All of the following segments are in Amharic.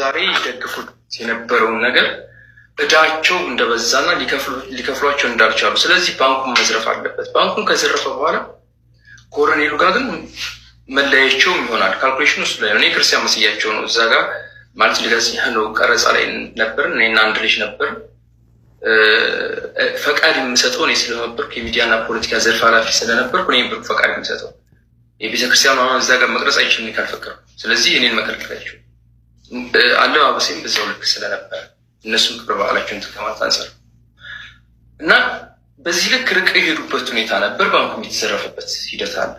ዛሬ ይደግፉት የነበረውን ነገር እዳቸው እንደበዛና ሊከፍሏቸው እንዳልቻሉ፣ ስለዚህ ባንኩን መዝረፍ አለበት። ባንኩን ከዘረፈ በኋላ ኮረኔሉ ጋር ግን መለያቸው ይሆናል። ካልኩሌሽን ውስጥ ላይ እኔ ክርስቲያን መስያቸው ነው እዛ ጋር ማለት ሊገጽ ነው። ቀረጻ ላይ ነበር እና አንድ ልጅ ነበር ፈቃድ የምሰጠው እኔ ስለነበርኩ የሚዲያና ፖለቲካ ዘርፍ ኃላፊ ስለነበርኩ እኔ ብር ፈቃድ የምሰጠው የቤተክርስቲያኑ እዛ ጋር መቅረጽ አይችልም ካልፈቀድኩ። ስለዚህ እኔን መከልከላቸው አለባበሴም በዛው ልክ ስለነበረ እነሱም ክብረ በዓላቸውን ከማት አንጻር እና በዚህ ልክ ርቅ የሄዱበት ሁኔታ ነበር። ባንኩም የተዘረፈበት ሂደት አለ።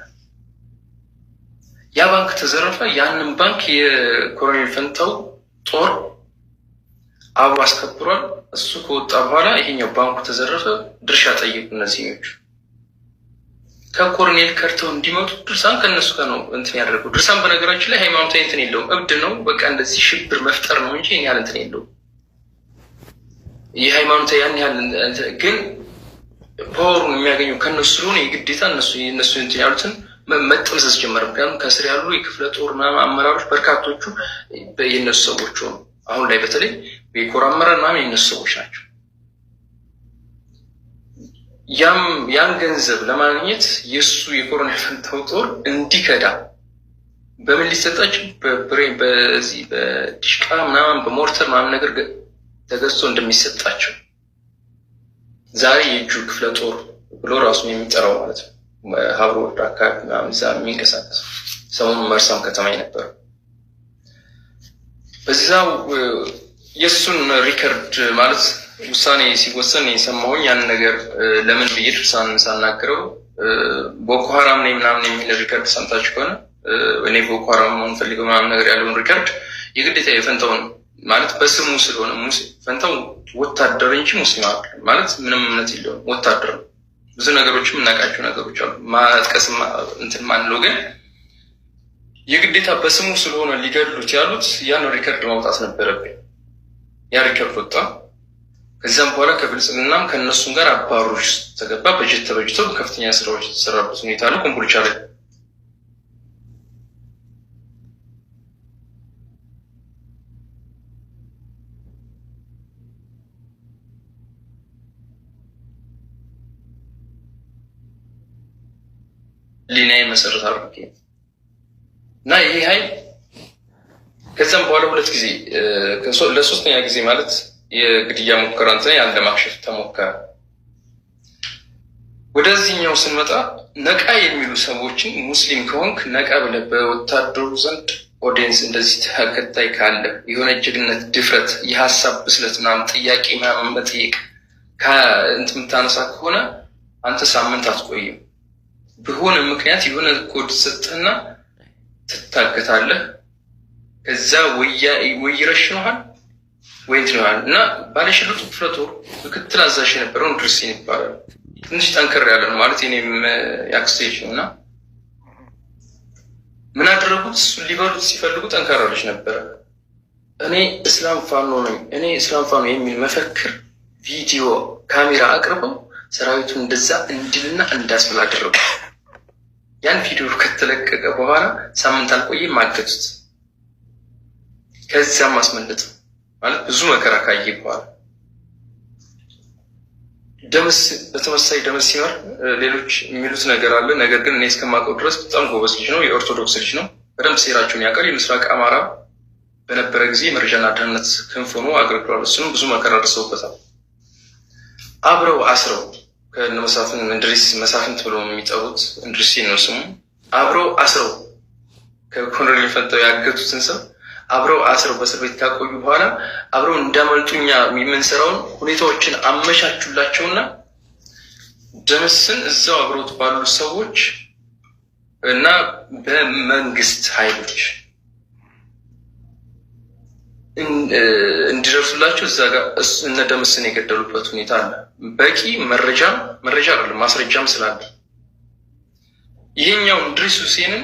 ያ ባንክ ተዘረፈ። ያንን ባንክ የኮሎኔል ፈንታው ጦር አብሮ አስከብሯል። እሱ ከወጣ በኋላ ይሄኛው ባንኩ ተዘረፈ። ድርሻ ጠየቁ እነዚህኞቹ ከኮርኔል ከርተው እንዲመጡ ድርሳን ከነሱ ጋር ነው እንትን ያደርገው። ድርሳን በነገራችን ላይ ሃይማኖታዊ እንትን የለውም፣ እብድ ነው። በቃ እንደዚህ ሽብር መፍጠር ነው እንጂ ይህን ያህል እንትን የለውም። የሃይማኖታዊ ያን ያህል ግን ፓወሩን የሚያገኘው ከነሱ ስለሆነ የግዴታ እነሱ እነሱ እንትን ያሉትን መጠምዘዝ ጀመረ። ምክንያቱም ከስር ያሉ የክፍለ ጦር አመራሮች በርካቶቹ የእነሱ ሰዎች ሆኑ። አሁን ላይ በተለይ የኮር አመራር ምናምን የእነሱ ሰዎች ናቸው። ያን ገንዘብ ለማግኘት የእሱ የኮሮና የፈንታው ጦር እንዲከዳ በምን ሊሰጣቸው በብሬን በዚህ በዲሽቃ ምናምን በሞርተር ምናምን ነገር ተገዝቶ እንደሚሰጣቸው ዛሬ የእጁ ክፍለ ጦር ብሎ ራሱን የሚጠራው ማለት ነው። ሀብሮ ወርዳ አካባቢ ምናምን እዛ የሚንቀሳቀሱ ሰሞኑን መርሳም ከተማ ነበረው። በዚዛው የእሱን ሪከርድ ማለት ውሳኔ ሲወሰን የሰማሁኝ ያን ነገር ለምን ብይድ ሳናግረው ቦኮ ሀራም ነኝ ምናምን የሚል ሪከርድ ሰምታችሁ ከሆነ እኔ ቦኮ ሀራም መሆን ፈልገው ምናምን ነገር ያለውን ሪከርድ የግዴታ የፈንታው ነው ማለት በስሙ ስለሆነ ፈንታው ወታደር እንጂ ሙስሊም ማለት ምንም እምነት የለውም ወታደር ነው። ብዙ ነገሮች የምናውቃቸው ነገሮች አሉ። ማጥቀስ እንትን ማንለው ግን የግዴታ በስሙ ስለሆነ ሊገድሉት ያሉት ያን ሪከርድ ማውጣት ነበረብኝ። ያ ሪከርድ ወጣ። ከዚያም በኋላ ከብልጽግናም ከእነሱም ጋር አባሮች ተገባ። በጀት ተበጅተው ከፍተኛ ስራዎች የተሰራበት ሁኔታ ነው ኮምቦልቻ ላይ ሊና መሰረት አድርጌ እና ይህ ሀይል ከዚያም በኋላ ሁለት ጊዜ ለሶስተኛ ጊዜ ማለት የግድያ ሙከራ እንትን ያን ለማክሸፍ ተሞከረ። ወደዚህኛው ስንመጣ ነቃ የሚሉ ሰዎችን ሙስሊም ከሆንክ ነቃ ብለ በወታደሩ ዘንድ ኦዲየንስ እንደዚህ ተከታይ ካለ የሆነ ጀግነት፣ ድፍረት፣ የሀሳብ ብስለት ምናምን ጥያቄ ምናምን መጠየቅ እንትን የምታነሳ ከሆነ አንተ ሳምንት አትቆይም። በሆነ ምክንያት የሆነ ኮድ ሰጥህና ትታገታለህ። ከዛ ወይረሽ ነሃል ወይት ነው እና ባለሽርጡ ክፍለ ጦር ምክትል አዛዥ የነበረው እንድርሴን ይባላል። ትንሽ ጠንከር ያለ ነው ማለት እኔም የአክስቴጅ እና ምን አደረጉት? እሱን ሊበሉት ሲፈልጉ ጠንካራ ልጅ ነበረ። እኔ እስላም ፋኖ ነኝ እኔ እስላም ፋኖ የሚል መፈክር ቪዲዮ ካሜራ አቅርበው ሰራዊቱን እንደዛ እንድልና እንዳስብል አደረጉ። ያን ቪዲዮ ከተለቀቀ በኋላ ሳምንት አልቆየም፣ አገቱት። ከዚያም አስመለጠው። ማለት ብዙ መከራ ካየ በኋላ ደምስ በተመሳይ ደምስ ሲመር ሌሎች የሚሉት ነገር አለ። ነገር ግን እኔ እስከማውቀው ድረስ በጣም ጎበዝ ልጅ ነው። የኦርቶዶክስ ልጅ ነው። በደንብ ሴራቸውን ያውቃል። የምስራቅ አማራ በነበረ ጊዜ መረጃና ደህንነት ክንፍ ሆኖ አገልግሏል። ብዙ መከራ ደርሰውበታል። አብረው አስረው ከነመሳፍን እንድሪስ መሳፍንት ብሎ የሚጠሩት እንድሪስ ነው ስሙ። አብረው አስረው ከኮሎኔል ፈንታው ያገቱትን ሰው አብረው አስረው በእስር ቤት ካቆዩ በኋላ አብረው እንዳመልጡኛ የምንሰራውን ሁኔታዎችን አመቻቹላቸውና ደምስን እዛው አብረውት ባሉ ሰዎች እና በመንግስት ኃይሎች እንዲደርሱላቸው እዛ ጋር እነ ደምስን የገደሉበት ሁኔታ አለ። በቂ መረጃ መረጃ አለ ማስረጃም ስላለ ይሄኛው ድሪስ ሁሴንን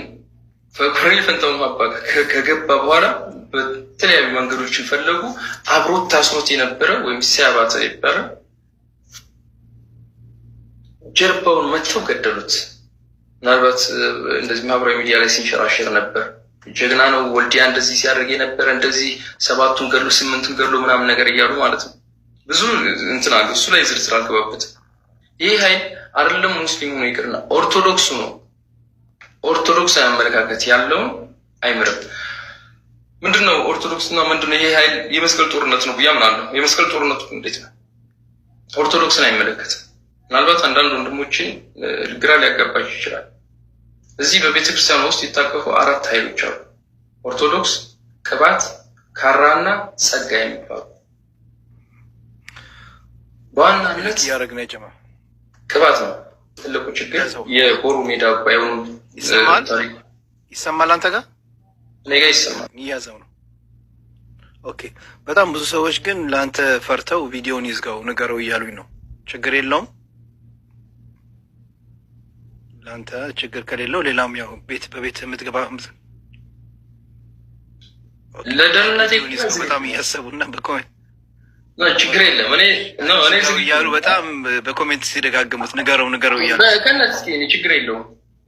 በኮሎኔል ፈንታሁን ካባ ከገባ በኋላ በተለያዩ መንገዶች ፈለጉ። አብሮት ታስሮት የነበረ ወይም ሲያባተ ይባላል ጀርባውን መጥተው ገደሉት። ምናልባት እንደዚህ ማህበራዊ ሚዲያ ላይ ሲንሸራሸር ነበር። ጀግና ነው ወልዲያ እንደዚህ ሲያደርግ የነበረ እንደዚህ ሰባቱን ገድሎ ስምንቱን ገድሎ ምናምን ነገር እያሉ ማለት ነው። ብዙ እንትን አለ እሱ ላይ ዝርዝር አልገባበትም። ይህ ኃይል አይደለም ሙስሊሙ ነው ይቅርና ኦርቶዶክሱ ነው ኦርቶዶክስ አመለካከት ያለውን አይምርም። ምንድን ነው ኦርቶዶክስና ምንድን ነው ይሄ ኃይል? የመስቀል ጦርነት ነው ብዬ አምናለሁ። የመስቀል ጦርነቱ እንዴት ነው? ኦርቶዶክስን አይመለከትም። ምናልባት አንዳንድ ወንድሞቼ ግራ ሊያጋባቸው ይችላል። እዚህ በቤተክርስቲያን ውስጥ የታቀፉ አራት ኃይሎች አሉ። ኦርቶዶክስ፣ ቅባት፣ ካራና ጸጋ የሚባሉ በዋናነት ቅባት ነው ትልቁ ችግር የሆሩ ሜዳ ባይሆኑ ይሰማል ይሰማል። አንተ ጋር እኔ ጋር ይሰማል። እያዘው ነው። ኦኬ። በጣም ብዙ ሰዎች ግን ለአንተ ፈርተው ቪዲዮውን ይዝጋው ንገረው እያሉኝ ነው። ችግር የለውም ለአንተ ችግር ከሌለው ሌላም ያው ቤት በቤት የምትገባ ለደህንነት በጣም እያሰቡ እና በኮሜንት ችግር የለም እኔ እያሉ በጣም በኮሜንት ሲደጋግሙት ንገረው ንገረው እያሉ ከነት ችግር የለውም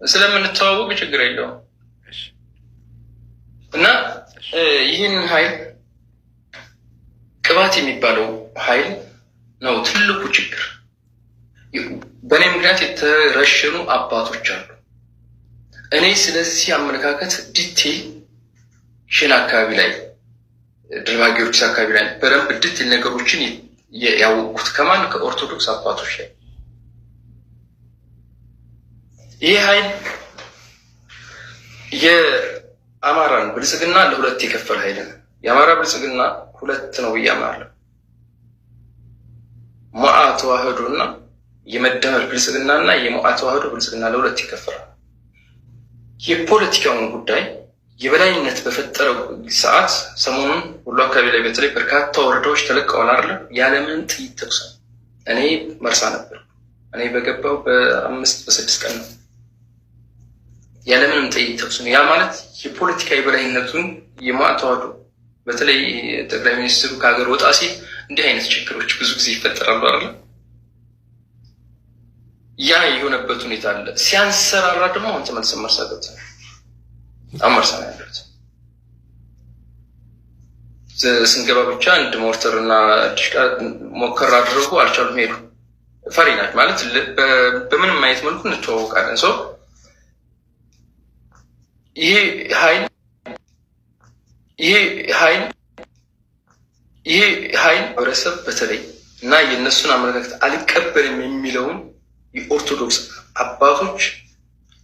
ስለምንተዋወቅ ችግር የለውም እና ይህን ኃይል ቅባት የሚባለው ኃይል ነው ትልቁ ችግር። በእኔ ምክንያት የተረሸኑ አባቶች አሉ። እኔ ስለዚህ አመለካከት ዲቴል ሽን አካባቢ ላይ ድርባጌዎች አካባቢ ላይ በደንብ ድት ነገሮችን ያወቅኩት ከማን ከኦርቶዶክስ አባቶች ላይ ይህ ኃይል የአማራን ብልጽግና ለሁለት የከፈለ ኃይል ነው። የአማራ ብልጽግና ሁለት ነው ብዬ አምናለሁ። ሞዓ ተዋህዶ እና የመደመር ብልጽግና እና የሞዓ ተዋህዶ ብልጽግና ለሁለት ይከፈላል። የፖለቲካውን ጉዳይ የበላይነት በፈጠረው ሰዓት ሰሞኑን ሁሉ አካባቢ ላይ በተለይ በርካታ ወረዳዎች ተለቀዋል አለ ያለምን ጥይት ተኩስ እኔ መርሳ ነበር። እኔ በገባው በአምስት በስድስት ቀን ነው ያለምንም ጥይት ተኩስ ነው። ያ ማለት የፖለቲካ የበላይነቱን የማተዋዶ በተለይ ጠቅላይ ሚኒስትሩ ከሀገር ወጣ ሲል እንዲህ አይነት ችግሮች ብዙ ጊዜ ይፈጠራሉ አለ። ያ የሆነበት ሁኔታ አለ። ሲያንሰራራ ደግሞ አሁን ተመልሰን መርሳበት አመርሳ ነው ያለት ስንገባ ብቻ እንድ ሞርተር እና ዲሽቃ ሞከር አድርጉ አልቻሉም፣ ሄዱ። ፈሪ ማለት በምንም አይነት መልኩ እንተዋወቃለን ሰው ይሄ ኃይል ይሄ ኃይል ይሄ ኃይል ማህበረሰብ በተለይ እና የእነሱን አመለካከት አልቀበልም የሚለውን የኦርቶዶክስ አባቶች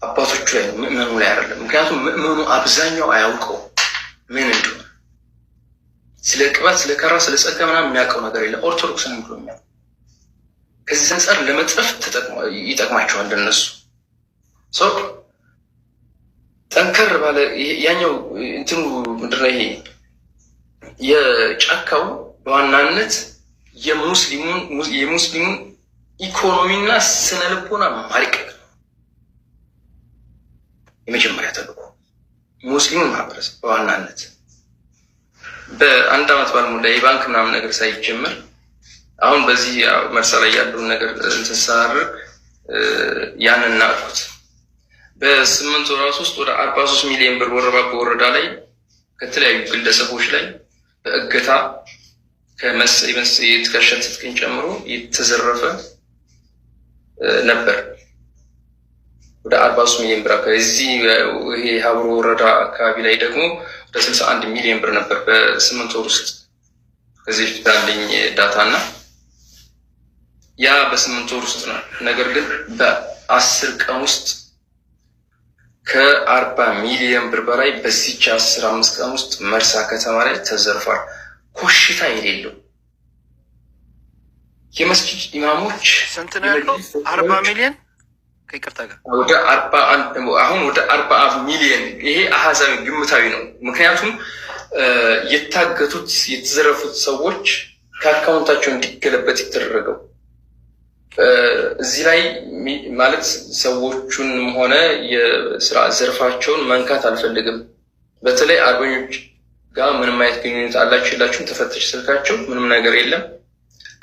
አባቶቹ ላይ ምእመኑ ላይ አይደለም። ምክንያቱም ምእመኑ አብዛኛው አያውቀው ምን እንደሆነ ስለ ቅባት፣ ስለ ከራ፣ ስለ ጸጋ ምናምን የሚያውቀው ነገር የለም። ኦርቶዶክስ ነው ብሎ የሚያውቀው ከዚህ አንጻር ለመጥረፍ ይጠቅማቸዋል ለነሱ ሰው ጠንከር ባለ ያኛው እንትኑ ምንድን ነው ይሄ የጫካው በዋናነት የሙስሊሙን ኢኮኖሚና ስነ ልቦና ማሪቀቅ ነው። የመጀመሪያ ተልዕኮ ሙስሊሙን ማህበረሰብ በዋናነት በአንድ አመት ባልሞላ የባንክ ምናምን ነገር ሳይጀምር አሁን በዚህ መርሳ ላይ ያለውን ነገር እንትን ሳር ያንን ናቁት። በስምንት ወራት ውስጥ ወደ አርባ ሶስት ሚሊዮን ብር ወረባ በወረዳ ላይ ከተለያዩ ግለሰቦች ላይ በእገታ ከሸን ትጥቅን ጨምሮ የተዘረፈ ነበር። ወደ አርባ ሶስት ሚሊዮን ብር አካባቢ እዚህ ይሄ ሀብሮ ወረዳ አካባቢ ላይ ደግሞ ወደ ስልሳ አንድ ሚሊዮን ብር ነበር በስምንት ወር ውስጥ ከዚህ በፊት ያለኝ ዳታ እና ያ በስምንት ወር ውስጥ ነው። ነገር ግን በአስር ቀን ውስጥ ከአርባ ሚሊዮን ብር በላይ በዚች አስር አምስት ቀን ውስጥ መርሳ ከተማ ላይ ተዘርፏል። ኮሽታ የሌለው የመስጅድ ኢማሞች ስንት ነው ያለው? አርባ ሚሊዮን ከይቅርታ ጋር ወደ አርባ አንድ አሁን ወደ አርባ ሚሊዮን ይሄ አሃዛዊ ግምታዊ ነው። ምክንያቱም የታገቱት የተዘረፉት ሰዎች ከአካውንታቸው እንዲገለበት የተደረገው እዚህ ላይ ማለት ሰዎቹንም ሆነ የስራ ዘርፋቸውን መንካት አልፈልግም። በተለይ አርበኞች ጋር ምንም አይነት ግንኙነት አላቸው የላችሁም፣ ተፈተሽ ስልካቸው ምንም ነገር የለም።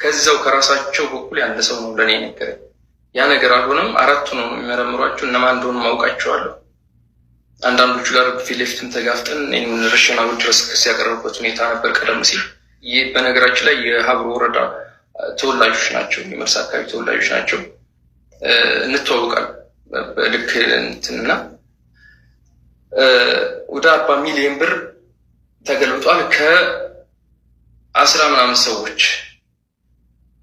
ከዛው ከራሳቸው በኩል ያለ ሰው ነው ለእኔ ነገረኝ። ያ ነገር አልሆነም። አራቱ ነው የሚመረምሯቸው እነማን እንደሆኑ ማውቃቸዋለሁ። አንዳንዶቹ ጋር ፊት ለፊትም ተጋፍጠን ረሸናዊ ድረስ ክስ ያቀረቡበት ሁኔታ ነበር ቀደም ሲል። ይህ በነገራችን ላይ የሀብሮ ወረዳ ተወላጆች ናቸው፣ የመርሳ አካባቢ ተወላጆች ናቸው። እንተዋወቃል በልክ እንትንና ወደ አርባ ሚሊዮን ብር ተገልብጧል። ከአስራ ምናምን ሰዎች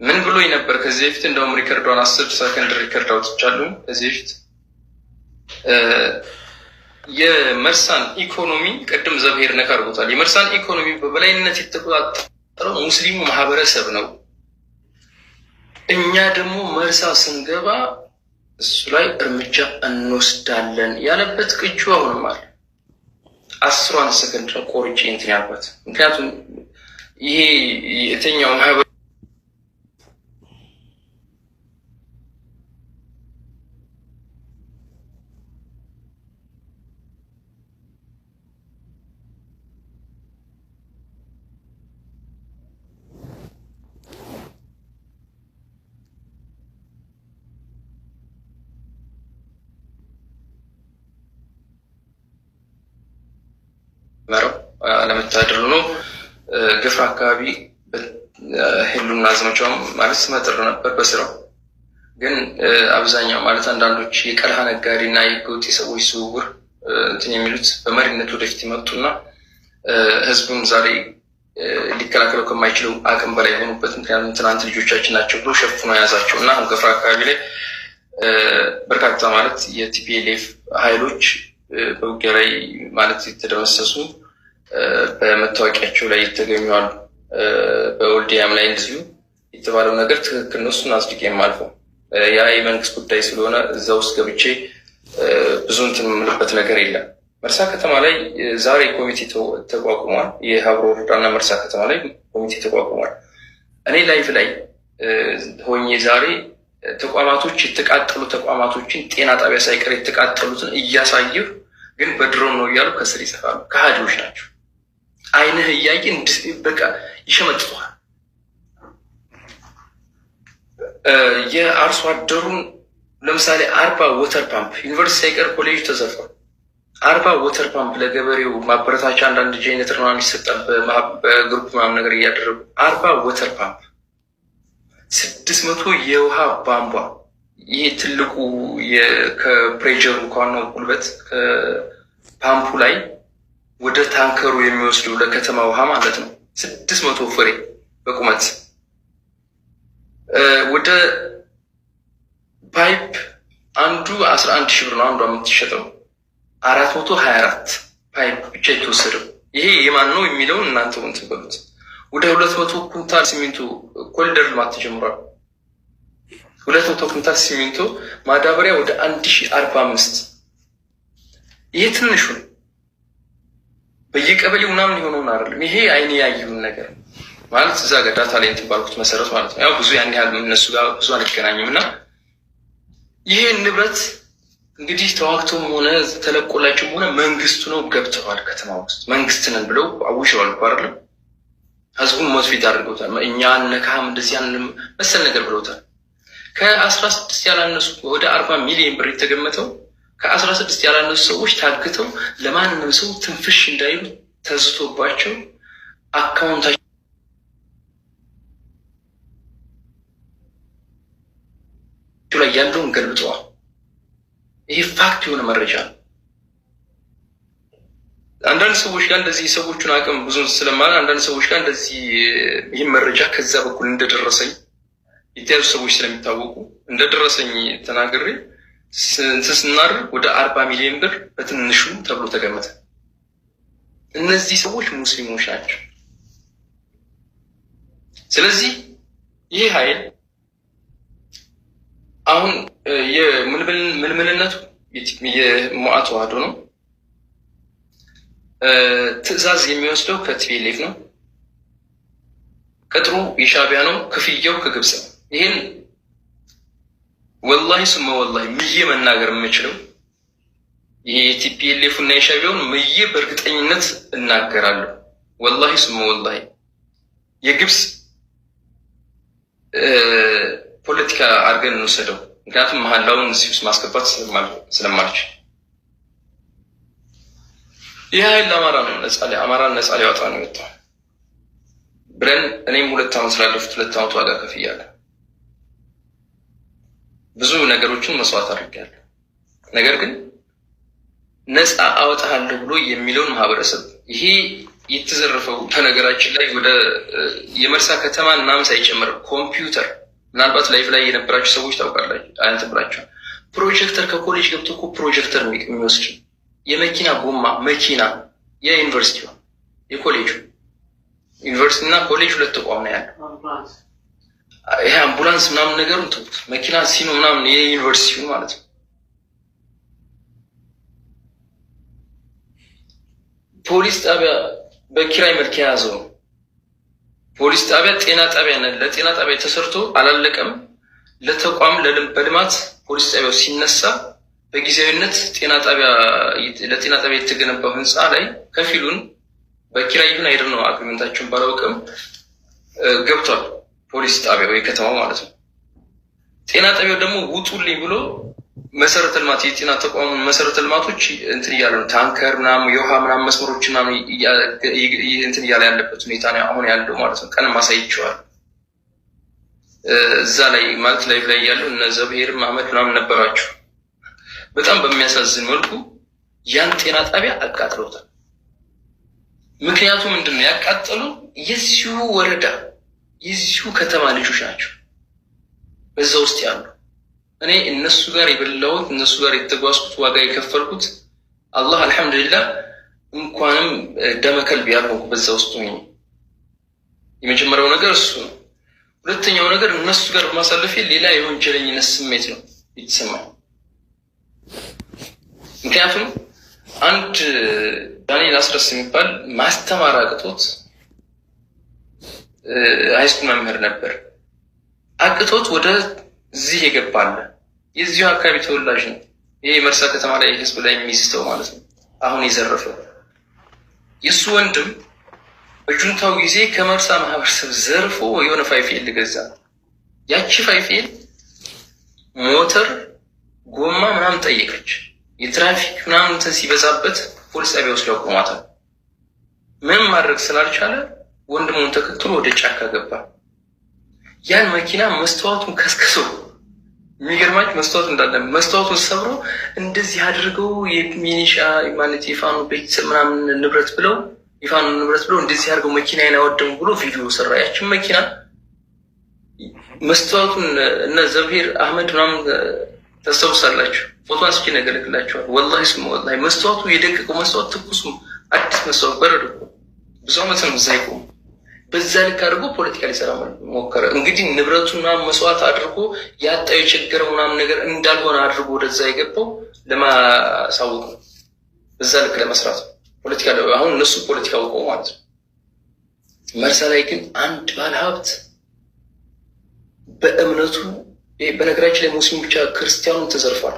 ምን ብሎ ነበር ከዚህ በፊት እንደውም ሪከርዷን አስር ሰከንድ ሪከርድ አውጥቻለሁ ከዚህ በፊት የመርሳን ኢኮኖሚ ቅድም ዘብሄር ነካ አድርጎታል። የመርሳን ኢኮኖሚ በበላይነት የተቆጣጠረው ሙስሊሙ ማህበረሰብ ነው። እኛ ደግሞ መልሳ ስንገባ እሱ ላይ እርምጃ እንወስዳለን ያለበት ቅጁ አሁንም አለ። አስሯን ሰከንድ ቆርጬ እንትን ያልኳት ምክንያቱም ይሄ የተኛው ማህበር አካባቢ ህሉና አዝመቻውም ማለት ስመጥር ነበር በስራው ግን አብዛኛው ማለት አንዳንዶች የቀልሃ ነጋዴ እና የህገወጥ የሰዎች ዝውውር እንትን የሚሉት በመሪነት ወደፊት የመጡና ህዝቡን ዛሬ ሊከላከለው ከማይችለው አቅም በላይ የሆኑበት ምክንያቱም ትናንት ልጆቻችን ናቸው ብሎ ሸፍኖ የያዛቸው እና አሁን ገፍራ አካባቢ ላይ በርካታ ማለት የቲፒኤልኤፍ ኃይሎች በውጊያ ላይ ማለት የተደመሰሱ በመታወቂያቸው ላይ የተገኙ አሉ። በወልዲያም ላይ እንደዚሁ የተባለው ነገር ትክክል ነው። እሱን አጽድቄ የማልፈው ያ የመንግስት ጉዳይ ስለሆነ እዛ ውስጥ ገብቼ ብዙ እንትን የምልበት ነገር የለም። መርሳ ከተማ ላይ ዛሬ ኮሚቴ ተቋቁሟል። የሀብሮ ወረዳና መርሳ ከተማ ላይ ኮሚቴ ተቋቁሟል። እኔ ላይፍ ላይ ሆኜ ዛሬ ተቋማቶች የተቃጠሉ ተቋማቶችን ጤና ጣቢያ ሳይቀር የተቃጠሉትን እያሳየሁ ግን በድሮን ነው እያሉ ከስር ይጽፋሉ። ከሃዲዎች ናቸው። አይንህ እያየ በቃ ይሸመጥጠዋል። የአርሶ አደሩን ለምሳሌ አርባ ወተር ፓምፕ ዩኒቨርሲቲ ሳይቀር ኮሌጅ ተዘርፏል። አርባ ወተር ፓምፕ ለገበሬው ማበረታቻ አንዳንድ ጄኔተር ምናምን ይሰጣል። በግሩፕ ምናምን ነገር እያደረጉ አርባ ወተር ፓምፕ ስድስት መቶ የውሃ ቧንቧ ይህ ትልቁ ከፕሬጀሩ ከዋናው ጉልበት ፓምፑ ላይ ወደ ታንከሩ የሚወስዱ ለከተማ ውሃ ማለት ነው። ስድስት መቶ ፍሬ በቁመት ወደ ፓይፕ አንዱ አስራ አንድ ሺህ ብር ነው አንዷ የምትሸጠው አራት መቶ ሀያ አራት ፓይፕ ብቻ የተወሰደው ይሄ የማን ነው የሚለውን እናንተ እንትን በሉት። ወደ ሁለት መቶ ኩንታል ሲሚንቶ ኮሊደር ልማት ተጀምሯል። ሁለት መቶ ኩንታል ሲሚንቶ ማዳበሪያ ወደ አንድ ሺህ አርባ አምስት ይሄ ትንሹ ነው። በየቀበሌው ምናምን የሆነውን አይደለም። ይሄ አይኔ ያየውን ነገር ማለት እዛ ጋር ዳታ ላይ እንትን ባልኩት መሰረት ማለት ነው። ያው ብዙ ያን ያህል እነሱ ጋር ብዙ አልገናኝም እና ይሄን ንብረት እንግዲህ ተዋግቶም ሆነ ተለቆላቸው ሆነ መንግስቱ ነው ገብተዋል። ከተማ ውስጥ መንግስት ነን ብለው አውሸዋል እኮ አይደለም። ህዝቡን ሞትፊት አድርገውታል። እኛ ነካም እንደዚህ ያን መሰል ነገር ብለውታል። ከአስራ ስድስት ያላነሱ ወደ አርባ ሚሊዮን ብር የተገመተው ከአስራ ስድስት ያላነሱ ሰዎች ታግተው ለማንም ሰው ትንፍሽ እንዳይሉ ተዝቶባቸው አካውንታቸው ላይ ያለውን ገልብጠዋል። ይህ ፋክት የሆነ መረጃ ነው። አንዳንድ ሰዎች ጋር እንደዚህ የሰዎቹን አቅም ብዙ ስለማለ አንዳንድ ሰዎች ጋር እንደዚህ ይህን መረጃ ከዛ በኩል እንደደረሰኝ የተያዙ ሰዎች ስለሚታወቁ እንደደረሰኝ ተናግሬ ስንት ስናደርግ ወደ አርባ ሚሊዮን ብር በትንሹ ተብሎ ተገመተ። እነዚህ ሰዎች ሙስሊሞች ናቸው። ስለዚህ ይህ ኃይል አሁን የምልምልነቱ የሙዓ ተዋህዶ ነው። ትዕዛዝ የሚወስደው ከትቤሌፍ ነው። ቅጥሩ የሻቢያ ነው። ክፍያው ከግብፅ ነው። ይህን ወላሂ ስመ ወላሂ ምዬ መናገር የምችለው ይሄ የቲፒኤልኤፍ እና የሻቢያውን ምዬ በእርግጠኝነት እናገራለሁ። ወላሂ ስመ ወላሂ የግብፅ ፖለቲካ አድርገን እንወሰደው፣ ምክንያቱም መሀላውን እዚህ ውስጥ ማስገባት ስለማልች ይህ ኃይል አማራ ነው አማራን ነጻ ሊያወጣ ነው የወጣው ብለን እኔም ሁለት ዓመት ስላለፉት ሁለት ዓመቱ ዋጋ ከፍያለሁ። ብዙ ነገሮችን መስዋዕት አድርጌያለሁ። ነገር ግን ነፃ አወጣሃለሁ ብሎ የሚለውን ማህበረሰብ ይሄ የተዘረፈው በነገራችን ላይ ወደ የመርሳ ከተማ ምናምን ሳይጨምር ኮምፒውተር ምናልባት ላይፍ ላይ የነበራቸው ሰዎች ታውቃላችሁ። አያንት ብላችሁ ፕሮጀክተር ከኮሌጅ ገብቶ እኮ ፕሮጀክተር የሚወስድ የመኪና ጎማ መኪና የዩኒቨርሲቲ የኮሌጁ ዩኒቨርሲቲ እና ኮሌጅ ሁለት ተቋም ነው ያለው። ይሄ አምቡላንስ ምናምን ነገሩን ተውት። መኪና ሲኖ ምናምን የዩኒቨርሲቲው ማለት ነው። ፖሊስ ጣቢያ በኪራይ መልክ የያዘው ፖሊስ ጣቢያ ጤና ጣቢያ ለጤና ጣቢያ ተሰርቶ አላለቀም። ለተቋም በልማት ፖሊስ ጣቢያው ሲነሳ በጊዜያዊነት ጤና ጣቢያ ለጤና ጣቢያ የተገነባው ህንፃ ላይ ከፊሉን በኪራይ ይሁን አይደል ነው አግሪመንታቸውን ባላውቅም ገብቷል። ፖሊስ ጣቢያ ወይ ከተማ ማለት ነው። ጤና ጣቢያው ደግሞ ውጡልኝ ብሎ መሰረተ ልማት የጤና ተቋሙ መሰረተ ልማቶች እንትን እያለ ነው። ታንከር ምናምን የውሃ ምናምን መስመሮች ምናምን እንትን እያለ ያለበት ሁኔታ አሁን ያለው ማለት ነው። ቀንም አሳይቸዋል እዛ ላይ ማለት ላይ ላይ ያለው እነዛ ዘብሄር ማመድ ምናምን ነበራችሁ። በጣም በሚያሳዝን መልኩ ያን ጤና ጣቢያ አቃጥሎታል። ምክንያቱ ምንድን ነው? ያቃጠሉ የዚሁ ወረዳ የዚሁ ከተማ ልጆች ናቸው በዛ ውስጥ ያሉ። እኔ እነሱ ጋር የበላሁት እነሱ ጋር የተጓዝኩት ዋጋ የከፈልኩት አላህ አልሐምዱሊላህ እንኳንም ደመከል ቢያልሆንኩ በዛ ውስጥ ሆኝ የመጀመሪያው ነገር እሱ ነው። ሁለተኛው ነገር እነሱ ጋር በማሳለፌ ሌላ የወንጀለኝነት ስሜት ነው የተሰማኝ። ምክንያቱም አንድ ዳንኤል አስረስ የሚባል ማስተማር አቅቶት ሃይስኩል መምህር ነበር። አቅቶት ወደዚህ የገባለ የዚሁ አካባቢ ተወላጅ ነው። ይሄ መርሳ ከተማ ላይ ህዝብ ላይ የሚስተው ማለት ነው። አሁን የዘረፈው የእሱ ወንድም በጁንታው ጊዜ ከመርሳ ማህበረሰብ ዘርፎ የሆነ ፋይፌል ልገዛ ያቺ ፋይፌል ሞተር ጎማ ምናምን ጠየቀች። የትራፊክ ምናምን እንትን ሲበዛበት ፖሊስ ጣቢያ ውስጥ ያቆማታል። ምንም ማድረግ ስላልቻለ ወንድሙን ተከትሎ ወደ ጫካ ገባ። ያን መኪና መስተዋቱን ከስክሶ የሚገርማች መስተዋት እንዳለ መስተዋቱን ሰብሮ እንደዚህ አድርገው የሚኒሻ ማለት የፋኑ ቤተሰብ ምናምን ንብረት ብለው የፋኖ ንብረት ብለው እንደዚህ አድርገው መኪና አይናወድም ብሎ ቪዲዮ ሰራ። ያችን መኪና መስተዋቱን እነ ዘብሄር አህመድ ምናምን ታስታውሳላችሁ። ፎቶ አንስቼ ነገር ልክላችኋል። ወላሂ ስሙ ወላሂ መስተዋቱ የደቀቀው መስተዋት ትኩሱ አዲስ መስተዋት በረድ ብዙ ዓመት ነው እዛ ይቆሙ በዛ ልክ አድርጎ ፖለቲካ ሊሰራ ሞከረ። እንግዲህ ንብረቱና መስዋዕት አድርጎ ያጣው የቸገረው ምናምን ነገር እንዳልሆነ አድርጎ ወደዛ የገባው ለማሳወቅ ነው፣ በዛ ልክ ለመስራት ፖለቲካ። አሁን እነሱ ፖለቲካ አውቀው ማለት ነው። መርሳ ላይ ግን አንድ ባለሀብት በእምነቱ በነገራችን ላይ ሙስሊም ብቻ ክርስቲያኑን ተዘርፏል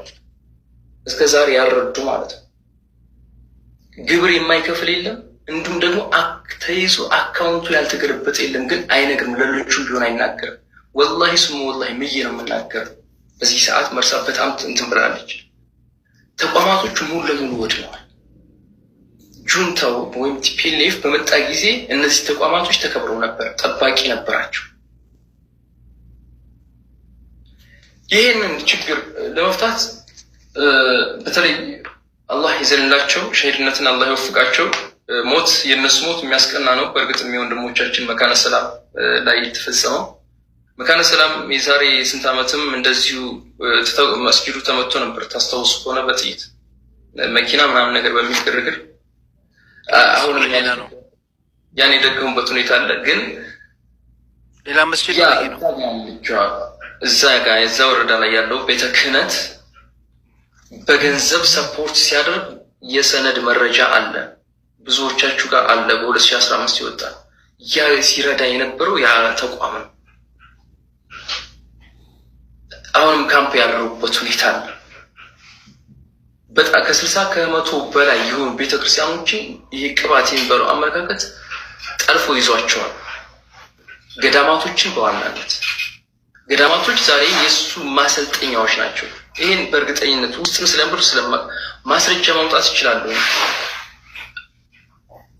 እስከ ዛሬ ያረዱ ማለት ነው። ግብር የማይከፍል የለም እንዲሁም ደግሞ ተይዞ አካውንቱ ያልተገለበጠ የለም። ግን አይነግርም፣ ለሌሎቹም ቢሆን አይናገርም። ወላሂ ስሙ ወላሂ ምዬ ነው የምናገር። በዚህ ሰዓት መርሳ በጣም እንትን ብላለች። ተቋማቶቹ ሙሉ ለሙሉ ወድመዋል። ጁንታው ወይም ቲፒኤልኤፍ በመጣ ጊዜ እነዚህ ተቋማቶች ተከብረው ነበር፣ ጠባቂ ነበራቸው። ይህንን ችግር ለመፍታት በተለይ አላህ ይዘንላቸው፣ ሸሂድነትን አላህ ይወፍቃቸው። ሞት የእነሱ ሞት የሚያስቀና ነው። በእርግጥ የወንድሞቻችን መካነ ሰላም ላይ የተፈጸመው መካነ ሰላም የዛሬ ስንት ዓመትም እንደዚሁ መስጊዱ ተመቶ ነበር። ታስታውሱ ከሆነ በጥይት መኪና ምናምን ነገር በሚግርግር አሁን ያን የደገሙበት ሁኔታ አለ። ግን ሌላ መስጊድ እዛ ጋ የዛ ወረዳ ላይ ያለው ቤተ ክህነት በገንዘብ ሰፖርት ሲያደርግ የሰነድ መረጃ አለ ብዙዎቻችሁ ጋር አለ። በ2015 ይወጣል ያ ሲረዳ የነበረው ያ ተቋም ነው። አሁንም ካምፕ ያደረጉበት ሁኔታ አለ። በጣም ከስልሳ ከመቶ በላይ የሆኑ ቤተክርስቲያኖችን ይህ ቅባት የሚባለው አመለካከት ጠልፎ ይዟቸዋል። ገዳማቶችን በዋናነት ገዳማቶች ዛሬ የእሱ ማሰልጠኛዎች ናቸው። ይህን በእርግጠኝነት ውስጥም ስለምር ማስረጃ ማምጣት ይችላለሁ።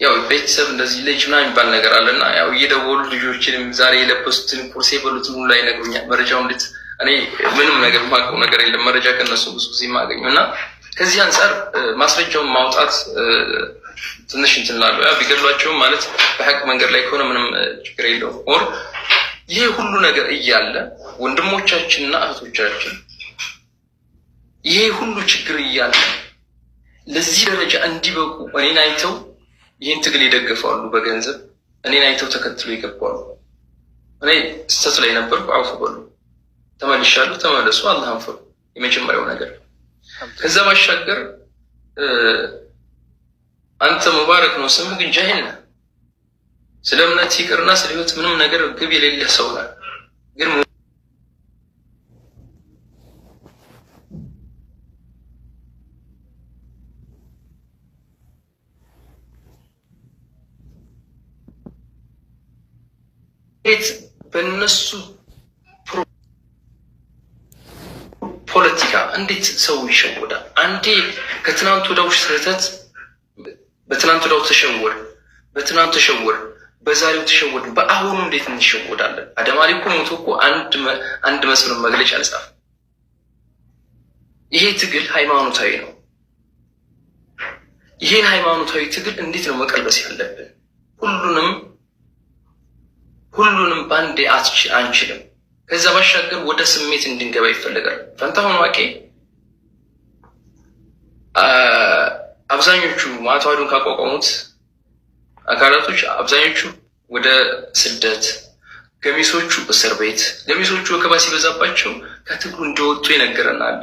ያው ቤተሰብ እንደዚህ ልጅ ምናምን የሚባል ነገር አለና ያው እየደወሉ ልጆችንም ዛሬ የለበሱትን ቁርስ የበሉትን ላይ ነግሩኛል። መረጃው እንዴት እኔ ምንም ነገር የማውቀው ነገር የለም። መረጃ ከነሱ ብዙ ጊዜ የማገኘው እና ከዚህ አንጻር ማስረጃውን ማውጣት ትንሽ እንትን እላለሁ። ያው ማለት በሀቅ መንገድ ላይ ከሆነ ምንም ችግር የለውም። ኦር ይሄ ሁሉ ነገር እያለ ወንድሞቻችንና እህቶቻችን ይሄ ሁሉ ችግር እያለ ለዚህ ደረጃ እንዲበቁ እኔን አይተው ይህን ትግል ይደግፋሉ በገንዘብ እኔን አይተው ተከትሎ ይገባሉ። እኔ ስተት ላይ ነበርኩ፣ አውፉ በሉ። ተመልሻሉ ተመለሱ፣ አላህን ፍሩ። የመጀመሪያው ነገር ከዛ ባሻገር አንተ ሙባረክ ነው ስምህ፣ ግን ጃሂል ነህ። ስለ እምነት ይቅርና ስለ ህይወት ምንም ነገር ግብ የሌለ ሰው ነህ ግን እንዴት በነሱ ፖለቲካ እንዴት ሰው ይሸወዳል? አንዴ ከትናንት ወዳው ስህተት በትናንት ወዳው ተሸወድ፣ በትናንት ተሸወድ፣ በዛሬው ተሸወድ፣ በአሁኑ እንዴት እንሸወዳለን? አደም እኮ ሞቶ እኮ አንድ መስመር መግለጫ አልጻፈም። ይሄ ትግል ሃይማኖታዊ ነው። ይህን ሃይማኖታዊ ትግል እንዴት ነው መቀልበስ ያለብን? ሁሉንም ሁሉንም በአንዴ አንችልም። ከዛ ባሻገር ወደ ስሜት እንድንገባ ይፈልጋል። ፈንታሁን ዋቄ አብዛኞቹ ማዕተዋዱን ካቋቋሙት አካላቶች አብዛኞቹ ወደ ስደት ገሚሶቹ እስር ቤት ገሚሶቹ ወከባ ሲበዛባቸው ከትግሉ እንደወጡ ይነገረናል።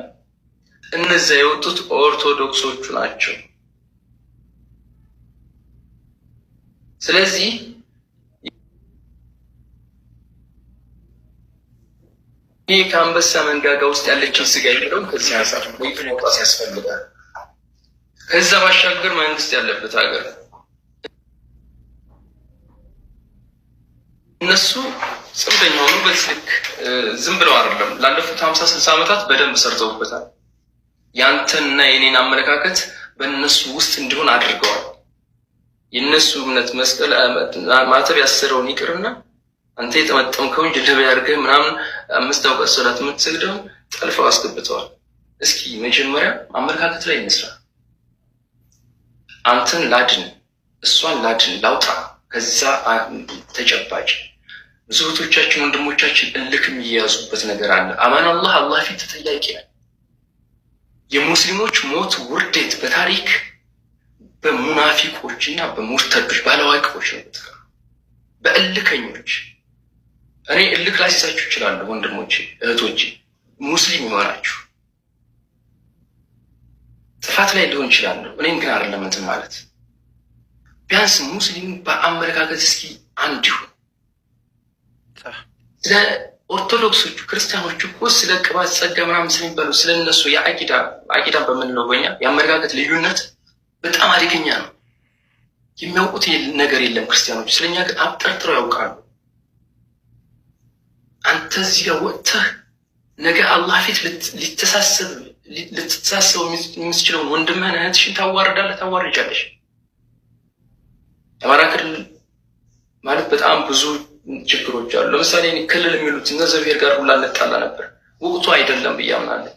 እነዚያ የወጡት ኦርቶዶክሶቹ ናቸው። ስለዚህ ይህ ከአንበሳ መንጋጋ ውስጥ ያለችን ስጋ የሚለውም ከዚህ አንጻር ለይቶ መውጣት ያስፈልጋል። ከዛ ባሻገር መንግስት ያለበት ሀገር እነሱ ጽንፈኛ ሆኑ በዚህ ልክ ዝም ብለው አይደለም። ላለፉት ሀምሳ ስልሳ ዓመታት በደንብ ሰርተውበታል። ያንተንና የኔን አመለካከት በእነሱ ውስጥ እንዲሆን አድርገዋል። የእነሱ እምነት መስቀል ማተብ ያሰረውን ይቅርና አንተ እንጂ ድብ ያድርገህ ምናምን አምስት አውቀት ሰላት የምትሰግደው ጠልፈው አስገብተዋል። እስኪ መጀመሪያ አመለካከት ላይ እንስራ። አንተን ላድን፣ እሷን ላድን፣ ላውጣ ከዛ ተጨባጭ ብዙ እህቶቻችን ወንድሞቻችን እልክ የሚያዙበት ነገር አለ። አማን አላህ አላህ ፊት ተጠያቂ ነው። የሙስሊሞች ሞት ውርደት በታሪክ በሙናፊቆች እና በሙርተዶች ባለዋቂዎች ነው በእልከኞች እኔ እልክ ላሲሳችሁ ይችላሉ። ወንድሞቼ እህቶቼ፣ ሙስሊም የሆናችሁ ጥፋት ላይ ሊሆን ይችላሉ። እኔም ግን አይደለም እንትን ማለት ቢያንስ ሙስሊም በአመለካከት እስኪ አንድ ይሁን። ስለ ኦርቶዶክሶቹ ክርስቲያኖቹ እኮ ስለ ቅባት ጸጋ ምናምን ስለሚባለው ስለ እነሱ የአቂዳ አቂዳ በምንለው በኛ የአመለካከት ልዩነት በጣም አደገኛ ነው። የሚያውቁት ነገር የለም ክርስቲያኖቹ። ስለኛ ግን አብጠርጥረው ያውቃሉ። አንተ እዚህ ጋር ወጥተህ ነገ አላህ ፊት ልትተሳሰብ ልትተሳሰበው የምትችለውን ወንድምህን እህትሽን ታዋርዳለህ፣ ታዋርጃለሽ። የአማራ ክልል ማለት በጣም ብዙ ችግሮች አሉ። ለምሳሌ ክልል የሚሉት እነ ዘብሔር ጋር ሁላ እንጣላ ነበር። ወቅቱ አይደለም ብዬ አምናለሁ።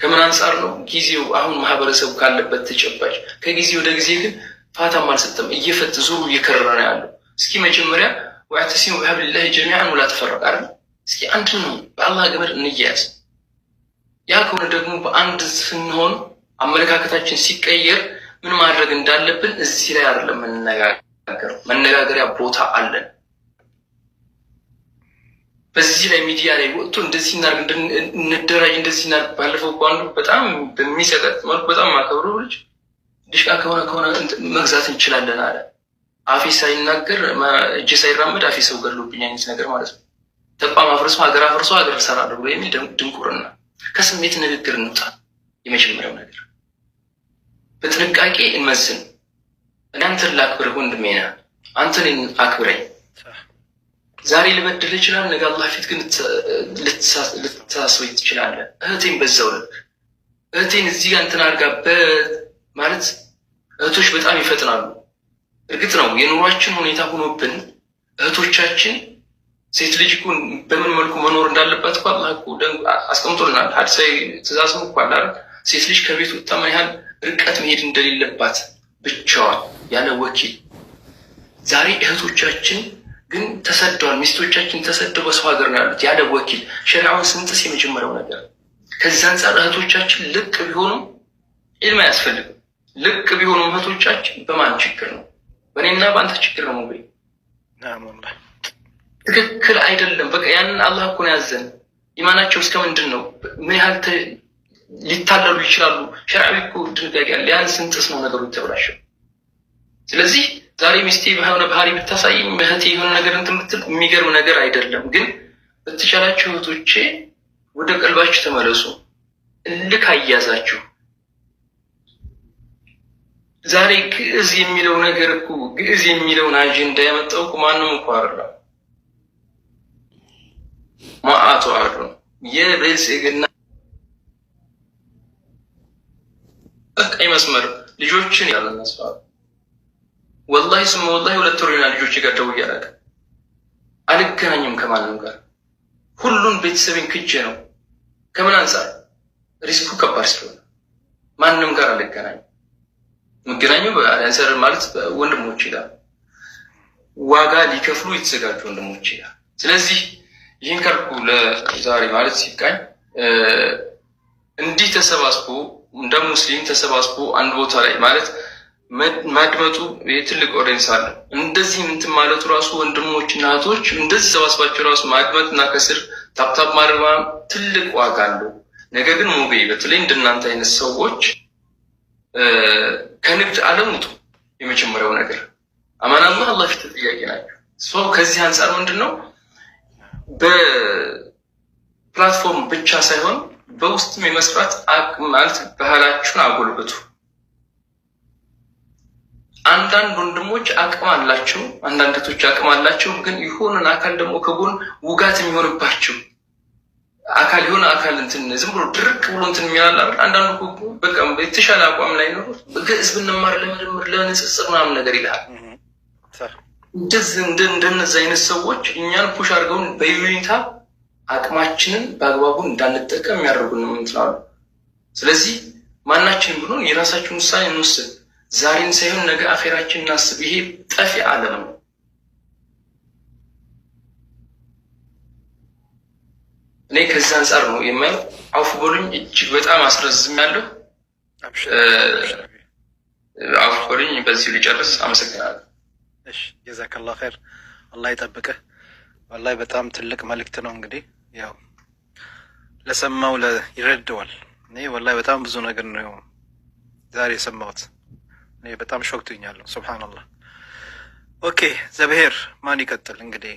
ከምን አንጻር ነው? ጊዜው አሁን ማህበረሰቡ ካለበት ተጨባጭ ከጊዜ ወደ ጊዜ ግን ፋታም አልሰጠም። እየፈት ዙሩ እየከረረ ነው ያለው። እስኪ መጀመሪያ ወዕተሲሙ ብሐብሊላሂ ጀሚዓን ወላ ተፈረቁ። አይደል? እስኪ አንድ ነው፣ በአላህ ገመድ እንያያዝ። ያ ከሆነ ደግሞ በአንድ ስንሆን አመለካከታችን ሲቀየር ምን ማድረግ እንዳለብን እዚህ ላይ አይደለም መነጋገር፣ መነጋገሪያ ቦታ አለን። በዚህ ላይ ሚዲያ ላይ ወጥቶ እንደዚህ እናርግ እንደራጅ፣ እንደዚህ እናርግ። ባለፈው እኮ በጣም በሚሰጠት መልኩ በጣም ማከብሩ ልጅ ድሽቃ ከሆነ ከሆነ መግዛት እንችላለን አለ አፌ ሳይናገር እጅ ሳይራመድ አፌ ሰው ገድሎብኝ አይነት ነገር ማለት ነው። ተቋም አፍርሶ ሀገር አፍርሶ ሀገር እሰራለሁ ብሎ የሚል ድንቁርና። ከስሜት ንግግር እንውጣ። የመጀመሪያው ነገር በጥንቃቄ እንመዝን። እኔ አንተን ላክብርህ ወንድሜ ነህ፣ አንተን አክብረኝ። ዛሬ ልበድል ይችላል፣ ነገ አላህ ፊት ግን ልትሳስበኝ ትችላለህ። እህቴን በዛው ልክ እህቴን እዚህ ጋር እንትን አድርጋ ማለት እህቶች በጣም ይፈጥናሉ እርግጥ ነው የኑሯችን ሁኔታ ሆኖብን እህቶቻችን ሴት ልጅ እኮ በምን መልኩ መኖር እንዳለባት እኮ አላህ እኮ አስቀምጦልናል። ሐዲሳዊ ትእዛዝም እኮ አለ። ሴት ልጅ ከቤት ወጥታ ምን ያህል ርቀት መሄድ እንደሌለባት ብቻዋን ያለ ወኪል። ዛሬ እህቶቻችን ግን ተሰደዋል። ሚስቶቻችን ተሰደው በሰው ሀገር ነው ያሉት ያለ ወኪል። ሸሪዓውን ስንጥስ የመጀመሪያው ነገር ከዚ አንጻር እህቶቻችን ልቅ ቢሆኑም ኢልም አያስፈልግም። ልቅ ቢሆኑም እህቶቻችን በማን ችግር ነው በእኔና በአንተ ችግር ነው። ሞቤ ትክክል አይደለም። በቃ ያንን አላህ እኮ ነው ያዘን። ኢማናቸው እስከ ምንድን ነው? ምን ያህል ሊታለሉ ይችላሉ? ሸርዓዊ እኮ ድንጋጌ አለ። ያን ስንጥስ ነው ነገሩ ተብላቸው። ስለዚህ ዛሬ ሚስቴ በሆነ ባህሪ ብታሳይኝ እህቴ የሆነ ነገር እንትን ብትል የሚገርም ነገር አይደለም። ግን በተቻላቸው እህቶቼ ወደ ቀልባችሁ ተመለሱ። እልክ አያዛችሁ ዛሬ ግዕዝ የሚለው ነገር እኮ ግዕዝ የሚለውን አጀንዳ ያመጣው እኮ ማንም እኮ አይደለም፣ ማአቶ አሉ የብልጽግና ቀይ መስመር ልጆችን ያለ መስፋት ወላሂ ስም ወላሂ ሁለት ወሬና ልጆች ጋር ደውዬ አልገናኝም ከማንም ጋር ሁሉን ቤተሰብን ክጄ ነው። ከምን አንጻር ሪስኩ ከባድ ስለሆነ ማንም ጋር አልገናኝም። የሚገናኘው አንሰር ማለት ወንድሞች ይላል ዋጋ ሊከፍሉ የተዘጋጁ ወንድሞች ይላል። ስለዚህ ይህን ካልኩ ለዛሬ ማለት ሲቃኝ እንዲህ ተሰባስቦ እንደ ሙስሊም ተሰባስቦ አንድ ቦታ ላይ ማለት ማድመጡ ትልቅ ኦዲየንስ አለ። እንደዚህ እንትን ማለቱ ራሱ ወንድሞች እና እህቶች እንደዚህ ሰባስባቸው ራሱ ማድመጥ እና ከስር ታፕታፕ ማድረግ ትልቅ ዋጋ አለው። ነገር ግን ሙቤ በተለይ እንደናንተ አይነት ሰዎች ከንግድ ዓለም የመጀመሪያው ነገር አማናማ አላህ ፊት ጥያቄ ናቸው። ከዚህ አንጻር ምንድን ነው በፕላትፎርም ብቻ ሳይሆን በውስጥም የመስራት አቅም ማለት ባህላችሁን አጎልብቱ። አንዳንድ ወንድሞች አቅም አላቸው፣ አንዳንድ እህቶች አቅም አላቸው። ግን የሆነን አካል ደግሞ ከጎን ውጋት የሚሆንባቸው አካል የሆነ አካል እንትን ዝም ብሎ ድርቅ ብሎ እንትን የሚላል አይደል? አንዳንዱ በቃ የተሻለ አቋም ላይ ነው። ግዕዝ ብንማር ለምርምር ለንጽጽር ምናምን ነገር ይልሃል። እንደነዚህ አይነት ሰዎች እኛን ፑሽ አድርገውን በዩኒታ አቅማችንን በአግባቡ እንዳንጠቀም የሚያደርጉን ምንትላሉ። ስለዚህ ማናችን ብሎን የራሳችን ውሳኔ እንወስን። ዛሬን ሳይሆን ነገ አፌራችን እናስብ። ይሄ ጠፊ ዓለም ነው። እኔ ከዛ አንጻር ነው የማየው። አውፍ በሉኝ እጅግ በጣም አስረዝም ያለው አውፍ በሉኝ። በዚሁ ልጨርስ። አመሰግናለሁ። እሺ ጀዛከላሁ ኸይር። አላህ ይጠብቅህ። ወላሂ በጣም ትልቅ መልእክት ነው። እንግዲህ ያው ለሰማው ይረደዋል። እኔ ወላሂ በጣም ብዙ ነገር ነው ዛሬ የሰማሁት። እኔ በጣም ሾክቶኛለሁ። ሱብሃነላህ። ኦኬ ዘብሄር ማን ይቀጥል እንግዲህ